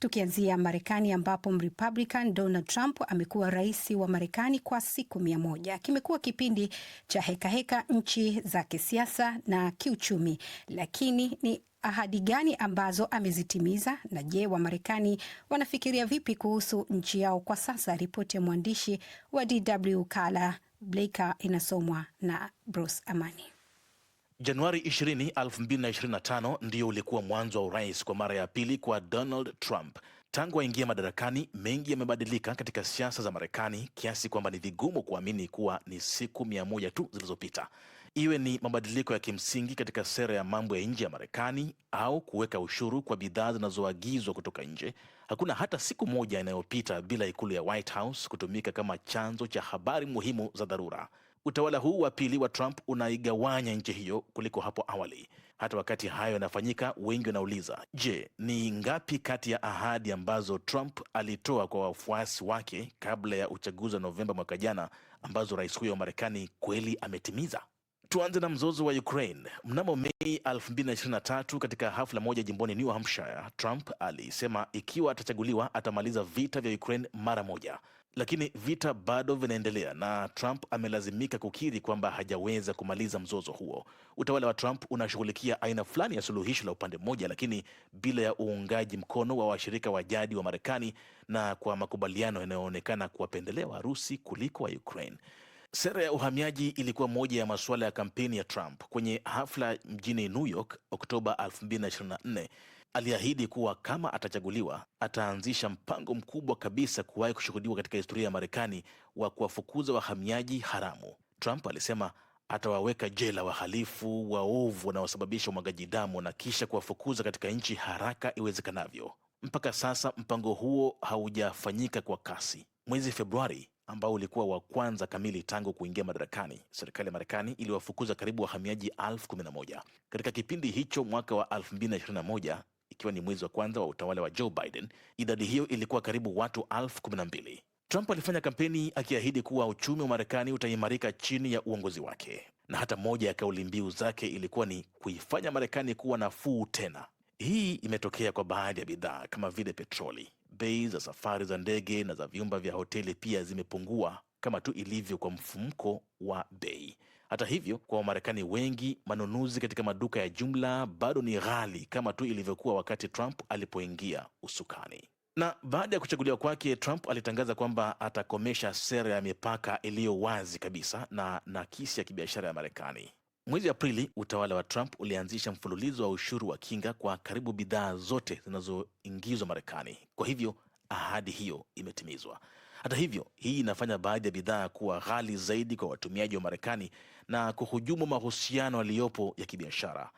Tukianzia Marekani ambapo Mrepublican Donald Trump amekuwa rais wa Marekani kwa siku mia moja. Kimekuwa kipindi cha hekaheka heka nchi za kisiasa na kiuchumi, lakini ni ahadi gani ambazo amezitimiza na je, Wamarekani wanafikiria vipi kuhusu nchi yao kwa sasa? Ripoti ya mwandishi wa DW Kala Blaker inasomwa na Bruce Amani. Januari 20, 2025 ndio ulikuwa mwanzo wa urais kwa mara ya pili kwa Donald Trump. Tangu aingia madarakani, mengi yamebadilika katika siasa za Marekani kiasi kwamba ni vigumu kuamini kuwa ni siku mia moja tu zilizopita. Iwe ni mabadiliko ya kimsingi katika sera ya mambo ya nje ya Marekani au kuweka ushuru kwa bidhaa zinazoagizwa kutoka nje, hakuna hata siku moja inayopita bila ikulu ya White House kutumika kama chanzo cha habari muhimu za dharura. Utawala huu wa pili wa Trump unaigawanya nchi hiyo kuliko hapo awali. Hata wakati hayo yanafanyika, wengi wanauliza, je, ni ngapi kati ya ahadi ambazo Trump alitoa kwa wafuasi wake kabla ya uchaguzi wa Novemba mwaka jana ambazo rais huyo wa Marekani kweli ametimiza? Tuanze na mzozo wa Ukraine. Mnamo Mei 2023 katika hafla moja jimboni New Hampshire, Trump alisema ikiwa atachaguliwa atamaliza vita vya Ukraine mara moja. Lakini vita bado vinaendelea na Trump amelazimika kukiri kwamba hajaweza kumaliza mzozo huo. Utawala wa Trump unashughulikia aina fulani ya suluhisho la upande mmoja, lakini bila ya uungaji mkono wa washirika wa jadi wa Marekani na kwa makubaliano yanayoonekana kuwapendelea Warusi kuliko wa Ukraine. Sera ya uhamiaji ilikuwa moja ya masuala ya kampeni ya Trump. Kwenye hafla mjini New York Oktoba 2024, aliahidi kuwa kama atachaguliwa, ataanzisha mpango mkubwa kabisa kuwahi kushuhudiwa katika historia ya Marekani wa kuwafukuza wahamiaji haramu. Trump alisema atawaweka jela wahalifu waovu wanaosababisha umwagaji damu na kisha kuwafukuza katika nchi haraka iwezekanavyo. Mpaka sasa mpango huo haujafanyika kwa kasi. Mwezi Februari, ambao ulikuwa wa kwanza kamili tangu kuingia madarakani. Serikali ya Marekani iliwafukuza karibu wahamiaji elfu kumi na moja katika kipindi hicho. Mwaka wa 2021 ikiwa ni mwezi wa kwanza wa utawala wa Joe Biden, idadi hiyo ilikuwa karibu watu elfu kumi na mbili. Trump alifanya kampeni akiahidi kuwa uchumi wa Marekani utaimarika chini ya uongozi wake, na hata moja ya kauli mbiu zake ilikuwa ni kuifanya Marekani kuwa nafuu tena. Hii imetokea kwa baadhi ya bidhaa kama vile petroli bei za safari za ndege na za vyumba vya hoteli pia zimepungua kama tu ilivyo kwa mfumko wa bei. Hata hivyo, kwa Wamarekani wengi, manunuzi katika maduka ya jumla bado ni ghali kama tu ilivyokuwa wakati Trump alipoingia usukani. Na baada ya kuchaguliwa kwake, Trump alitangaza kwamba atakomesha sera ya mipaka iliyo wazi kabisa na nakisi ya kibiashara ya Marekani. Mwezi Aprili utawala wa Trump ulianzisha mfululizo wa ushuru wa kinga kwa karibu bidhaa zote zinazoingizwa Marekani. Kwa hivyo ahadi hiyo imetimizwa. Hata hivyo, hii inafanya baadhi ya bidhaa kuwa ghali zaidi kwa watumiaji wa Marekani na kuhujumu mahusiano yaliyopo ya kibiashara.